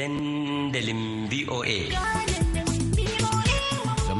dandalin VOA.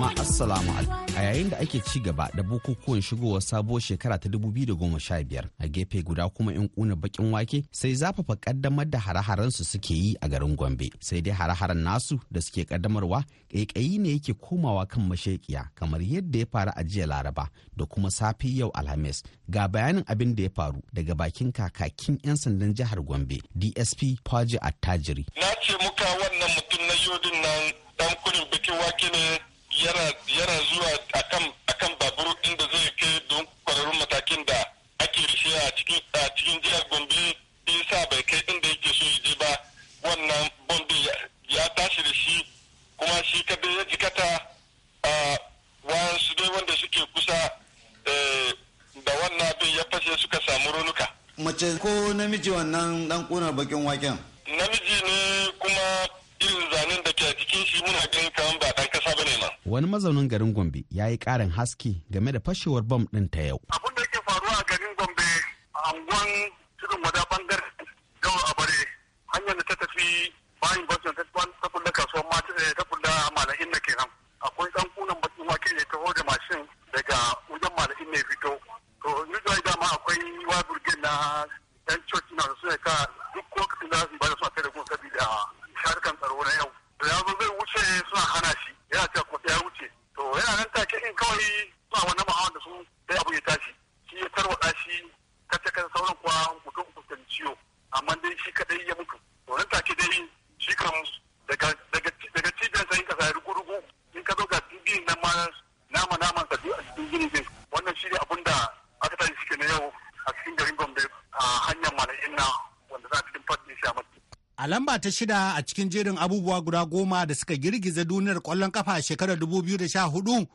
jama'a assalamu alaikum a yayin da ake ci gaba da bukukuwan shigowar sabuwar shekara ta 2015 a gefe guda kuma in kuna bakin wake sai zafafa kaddamar da hare-haren su suke yi a garin Gombe sai dai hare-haren nasu da suke kaddamarwa kaikayi ne yake komawa kan mashekiya kamar yadda ya faru a jiya Laraba da kuma safi yau Alhamis ga bayanin abin da ya faru daga bakin kakakin 'yan sandan jihar Gombe DSP Faji Attajiri na ce muka wannan mutum na yodin nan dan kunin bikin wake ne yana zuwa akan akan babur inda zai kai don kwararrun matakin da ake rishe a cikin a cikin jihar Gombe sa bai kai inda yake so je ba wannan bombe ya tashi da shi kuma shi kadai ya jikata a wayan su dai wanda suke kusa eh, da wannan abin ya fashe suka samu raunuka mace ko namiji wannan dan kunar bakin waken wani mazaunin garin gombe ya yi ƙarin haske game da fashewar bom ɗin ta yau nama naman ka a cikin gini wannan shi ne abun da aka tashi suke na yau a cikin garin gombe a hanyar malayin na wanda za a cikin fadin shamaki. A lamba ta shida a cikin jerin abubuwa guda goma da suka girgiza duniyar kwallon kafa a shekarar 2014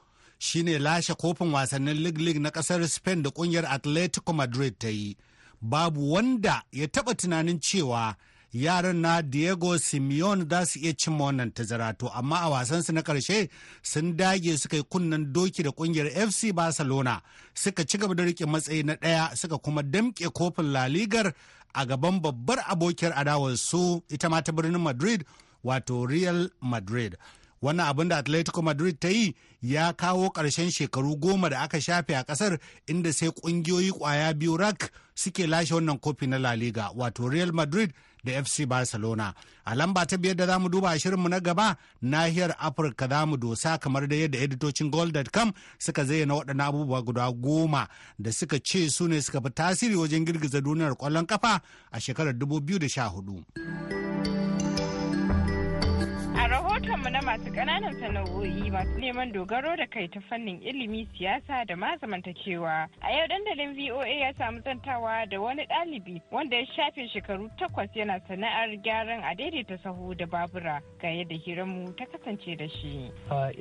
shine lashe kofin wasannin League League na kasar Spain da kungiyar Atletico Madrid ta yi. Babu wanda ya taba tunanin cewa yaran na Diego Simeon za su iya cimma wannan tazara to amma a wasan su na karshe sun dage suka yi kunnen doki da kungiyar FC Barcelona suka ci gaba da rike matsayi na ɗaya suka kuma damƙe kofin La Ligar a gaban babbar abokiyar su ita ma ta birnin Madrid wato Real Madrid. wannan abin da atletico madrid ta yi ya kawo ƙarshen shekaru goma da aka shafe a ƙasar inda sai ƙungiyoyi ƙwaya biyu rak suke lashe wannan kofi na la liga wato real madrid da FC Barcelona. A lamba ta biyar da za mu duba a mu na gaba nahiyar Afirka za mu dosa kamar da yadda editocin gold.com suka zayyana waɗannan abubuwa guda goma da suka ce su ne suka fi tasiri wajen girgiza duniyar ƙwallon kafa a shekarar 2014. mu na masu ƙananan sana'o'i masu neman dogaro da kai ta fannin ilimi siyasa da ma zamantakewa a yau dandalin voa ya samu zantawa da wani ɗalibi wanda ya shafe shekaru takwas yana sana'ar gyaran a daidaita sahu da babura ga yadda hiranmu ta kasance da shi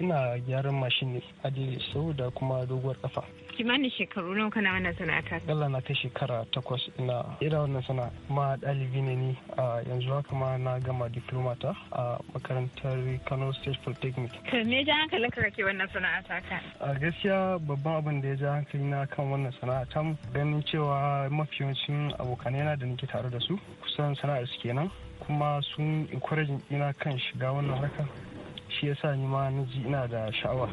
ina gyaran mashin ne a daidaita sahu da kuma doguwar kafa kimanin shekaru nawa kana wannan ta. Allah na ta shekara takwas ina ina wannan sana'a ma ɗalibi ne ni a yanzu haka ma na gama diploma ta a makarantar Kano State Polytechnic Ka me ja hankalin ka kake wannan sana'a ta ka a gaskiya babban abin da ya ja hankali na kan wannan sana'a ta ganin cewa mafi yawancin abokanai na da nake tare da su kusan sana'ar su kenan kuma sun encourage ina kan shiga wannan harkar shi yasa ni ma na ji ina da sha'awa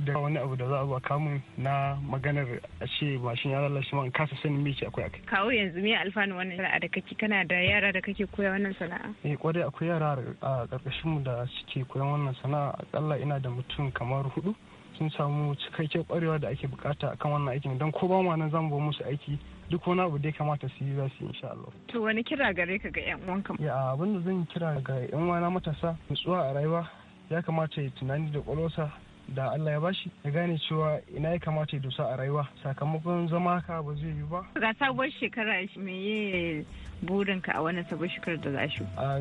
da wani abu da za a zuwa kamun na maganar a ce mashin ya lalace man kasa sanin me ke akwai akai kawo yanzu me alfanu wannan sana'a da kake kana da yara da kake koya wannan sana'a eh kwarai akwai yara a karkashin mu da suke koyan wannan sana'a akalla ina da mutum kamar hudu sun samu cikakken kwarewa da ake bukata akan wannan aikin don ko ba ma nan zamu ba musu aiki duk wani abu da ya kamata su yi za su yi insha Allah. To wani kira gare ka ga yan uwanka? Ya abin da zan kira ga yan uwana matasa nutsuwa a rayuwa ya kamata ya tunani da kwalwarsa da Allah ya bashi ya gane cewa ina ya kamata ya dosa a rayuwa sakamakon zama haka ba zai yi ba. Ga sabuwar shekara me burinka a wannan sabon shekarar da za shi? A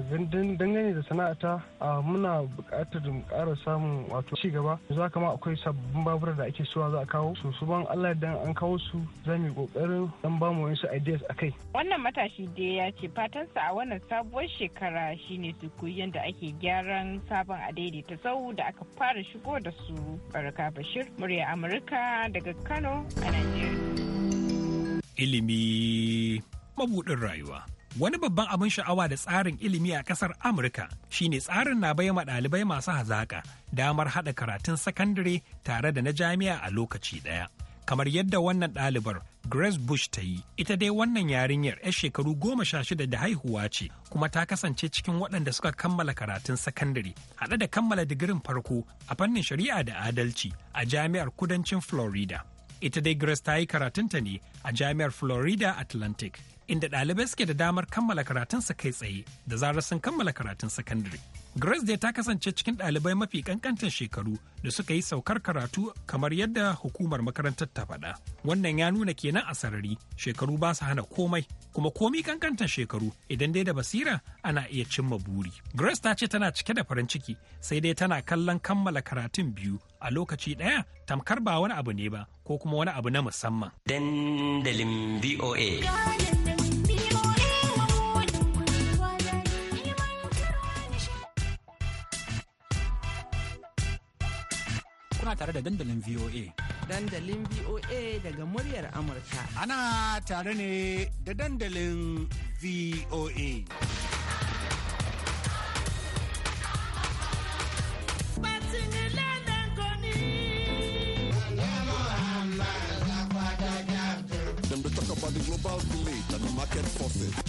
dangane da sana'ata muna buƙatar ƙara samun wato ci gaba. Za kama akwai sabbin babura da ake suwa za a kawo su su ban Allah dan an kawo su za mu yi ƙoƙarin dan ba mu wasu ideas a kai. Wannan matashi da ya ce fatansa a wannan sabuwar shekara shine su koyi yadda ake gyaran sabon adaidaita sau da aka fara shigo da su. Baraka Bashir, murya Amurka daga Kano a nigeria. Ilimi mabuɗin rayuwa. Wani babban abin sha'awa da tsarin ilimi a ƙasar Amurka shi ne tsarin na ma ɗalibai masu hazaƙa damar haɗa karatun sakandare tare da na jami'a a lokaci ɗaya. Kamar yadda wannan ɗalibar Grace Bush ta yi, ita dai wannan yarinyar 'yar shekaru goma sha shida da haihuwa ce, kuma ta kasance cikin waɗanda suka kammala karatun sakandare, haɗe da kammala digirin farko a fannin shari'a da adalci a jami'ar kudancin Florida. Ita dai Grace ta yi karatunta ne a jami'ar Florida Atlantic. inda ɗalibai suke da damar kammala karatun karatunsa kai tsaye da zarar sun kammala karatun sakandare. Grace dai ta kasance cikin ɗalibai mafi kankantan shekaru da suka yi saukar karatu kamar yadda hukumar makarantar ta faɗa. Wannan ya nuna kenan a sarari shekaru ba su hana komai kuma komi kankantan shekaru idan dai da basira ana iya cimma buri. Grace ta ce tana cike da farin ciki sai dai tana kallon kammala karatun biyu a lokaci ɗaya tamkar ba wani abu ne ba ko kuma wani abu na musamman. Dandalin VOA. suna tare da dandalin VOA. Dandalin VOA daga muryar Amurka. Ana tare ne da dandalin VOA. the global village and the market forces.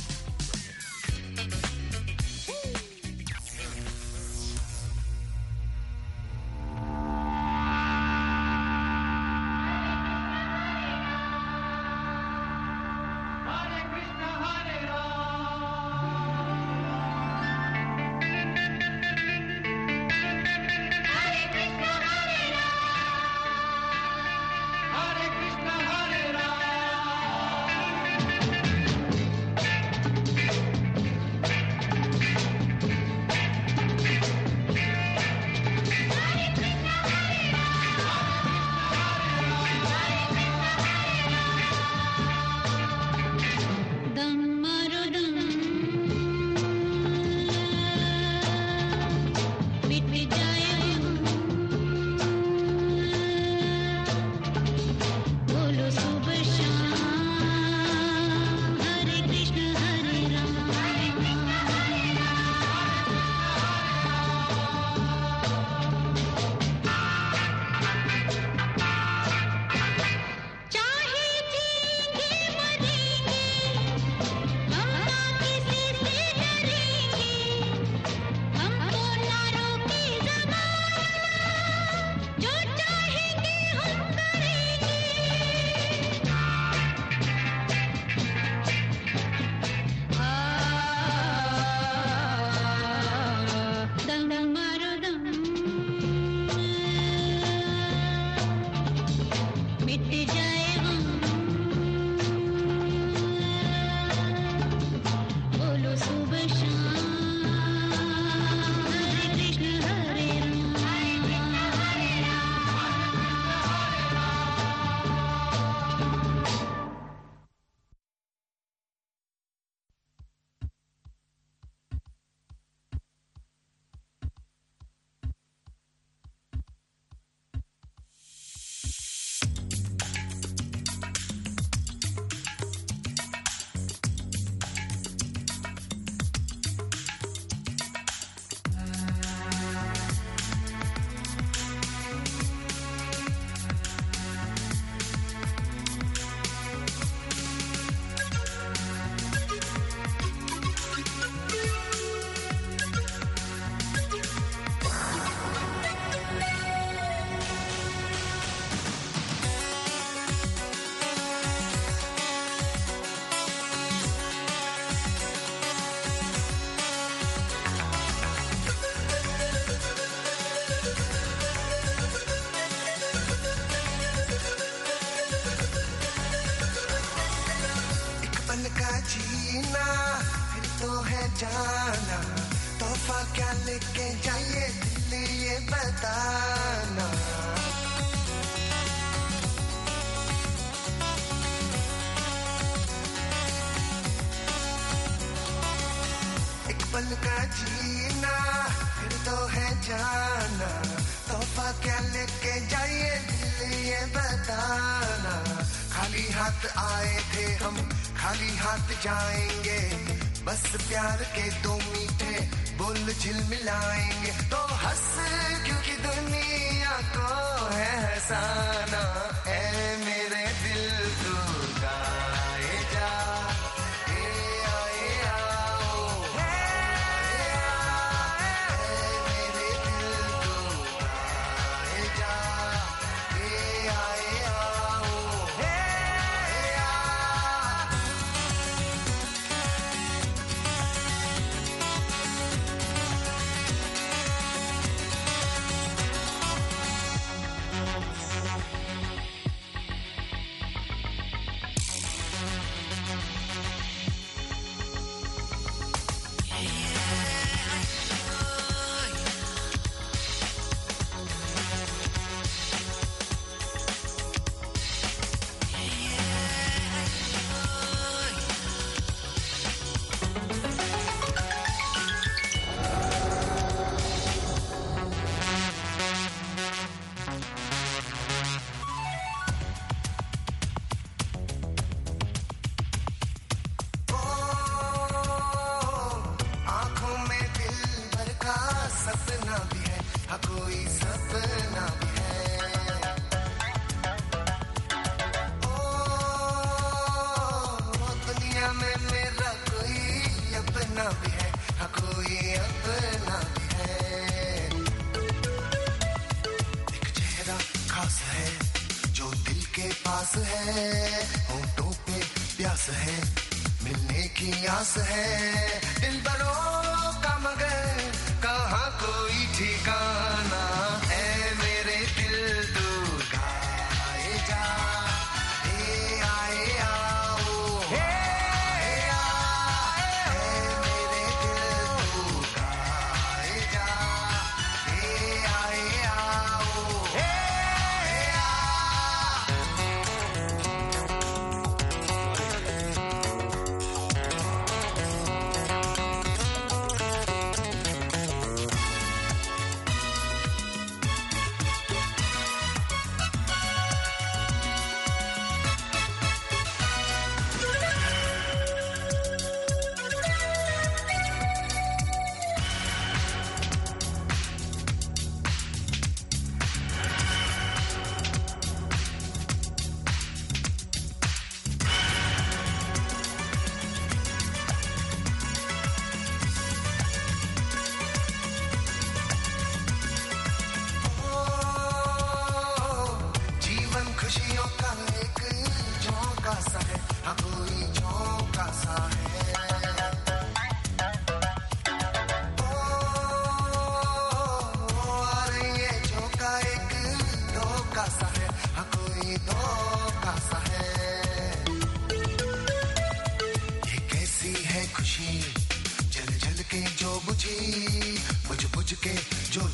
जीना फिर तो है जाना तोहफा क्या लेके जाइए दिल ये बताना एक पल का जीना फिर तो है जाना तोहफा क्या लेके जाइए दिल ये बताना खाली हाथ आए थे हम खाली हाथ जाएंगे बस प्यार के दो मीठे बोल झिल मिलाएंगे तो हंस क्योंकि दुनिया को है हसाना एम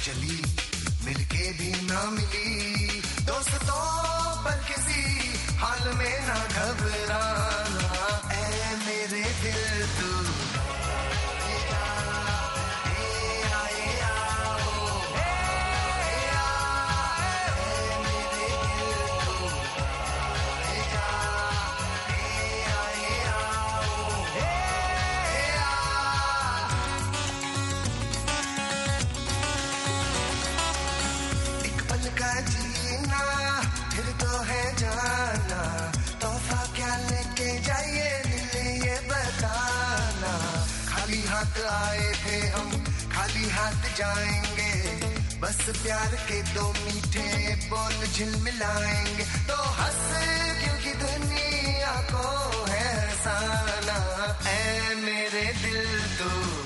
चली मिलके भी ना मिली जाएंगे बस प्यार के दो मीठे बोल झिलमिलाएंगे तो हंस क्योंकि दुनिया को है साना ऐ मेरे दिल तू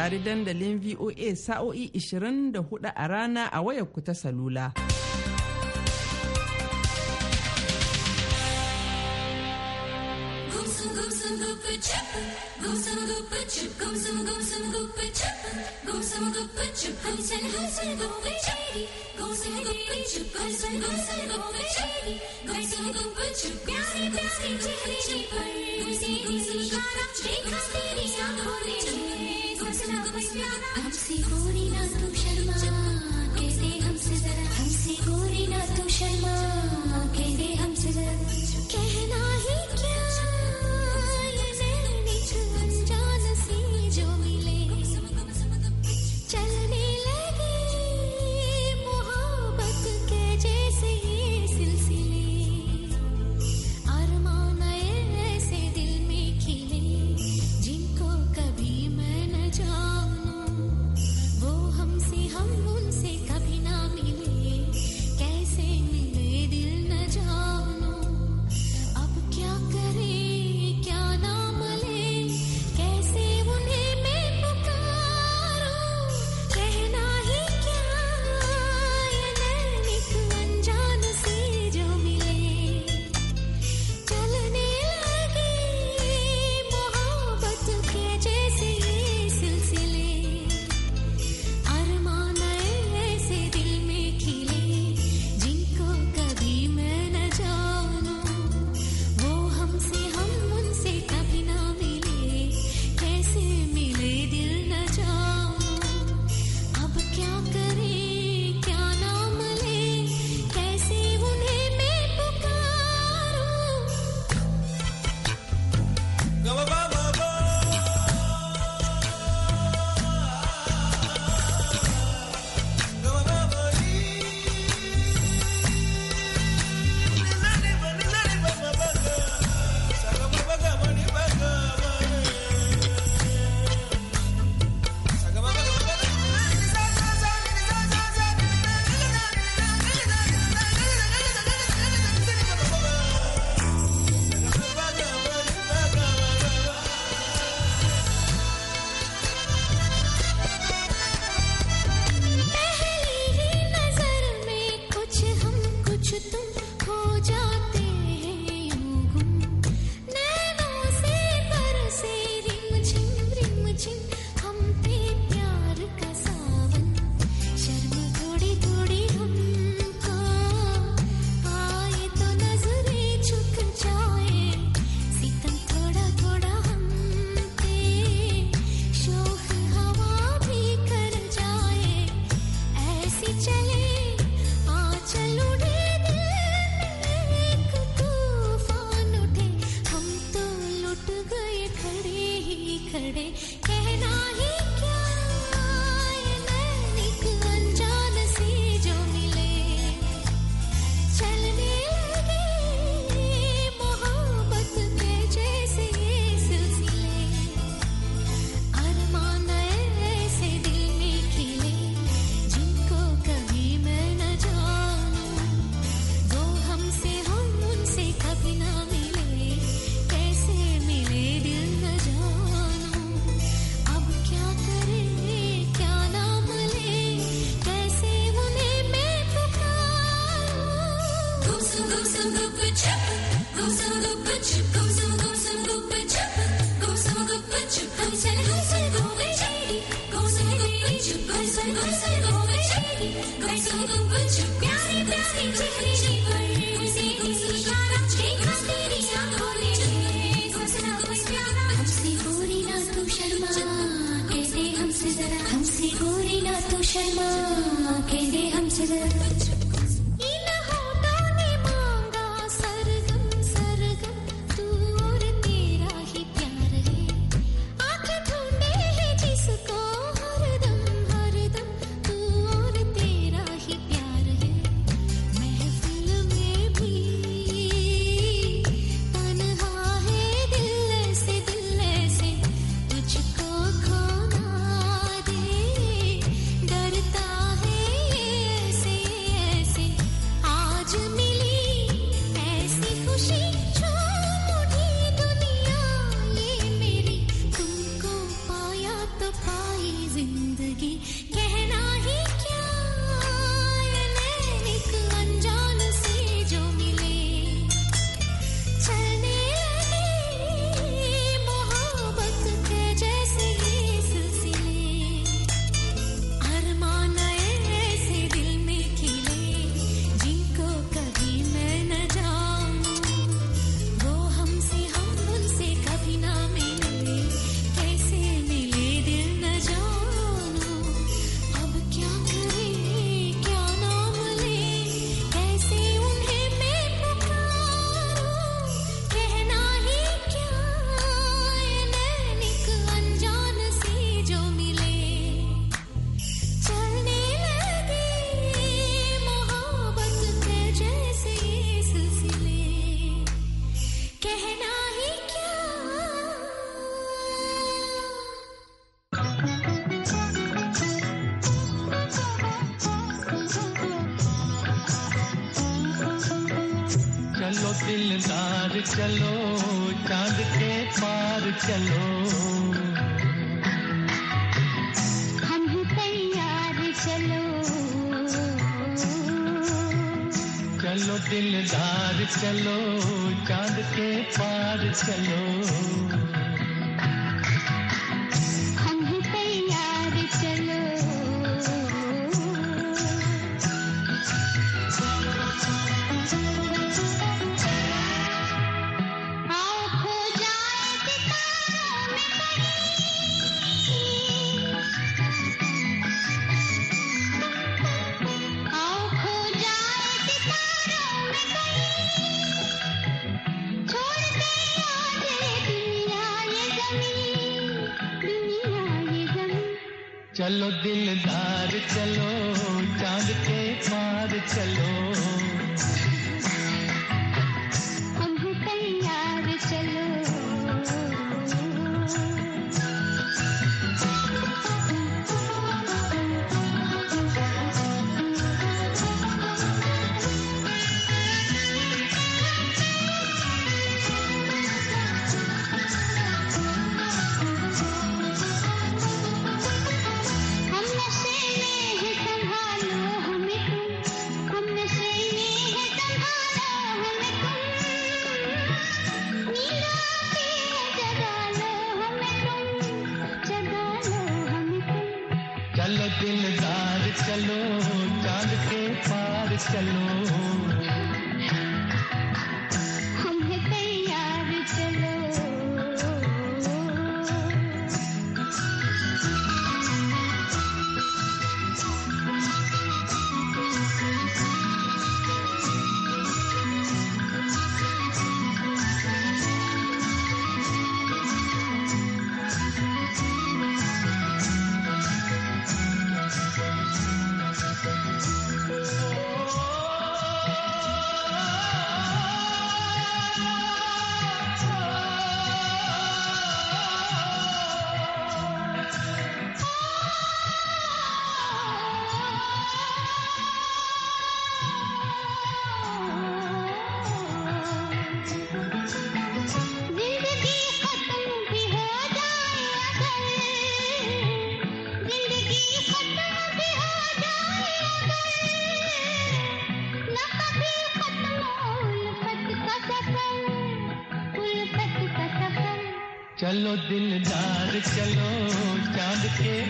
saurari dandalin VOA sa'o'i 24 a rana a wayarku ta salula. Thank you. I'm falling out of चलो चांद के पार चलो हम ही तैयार चलो चलो दिलदार चलो चांद के पार चलो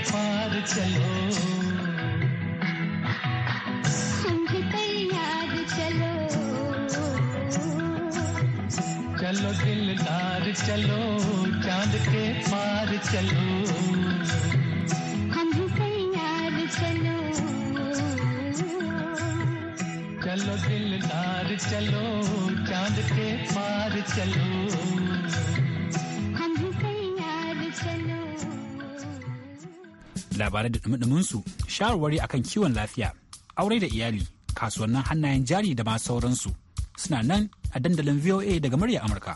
पार चलो संग कर चलो चलो दिलदार चलो चांद के पार चलो हम पर चलो चलो दिलदार चलो चांद के पार चलो labarai da dumudumin su shawarwari akan kiwon lafiya aure da iyali kasuwannin hannayen jari da ma sauransu suna nan a dandalin voa daga murya amurka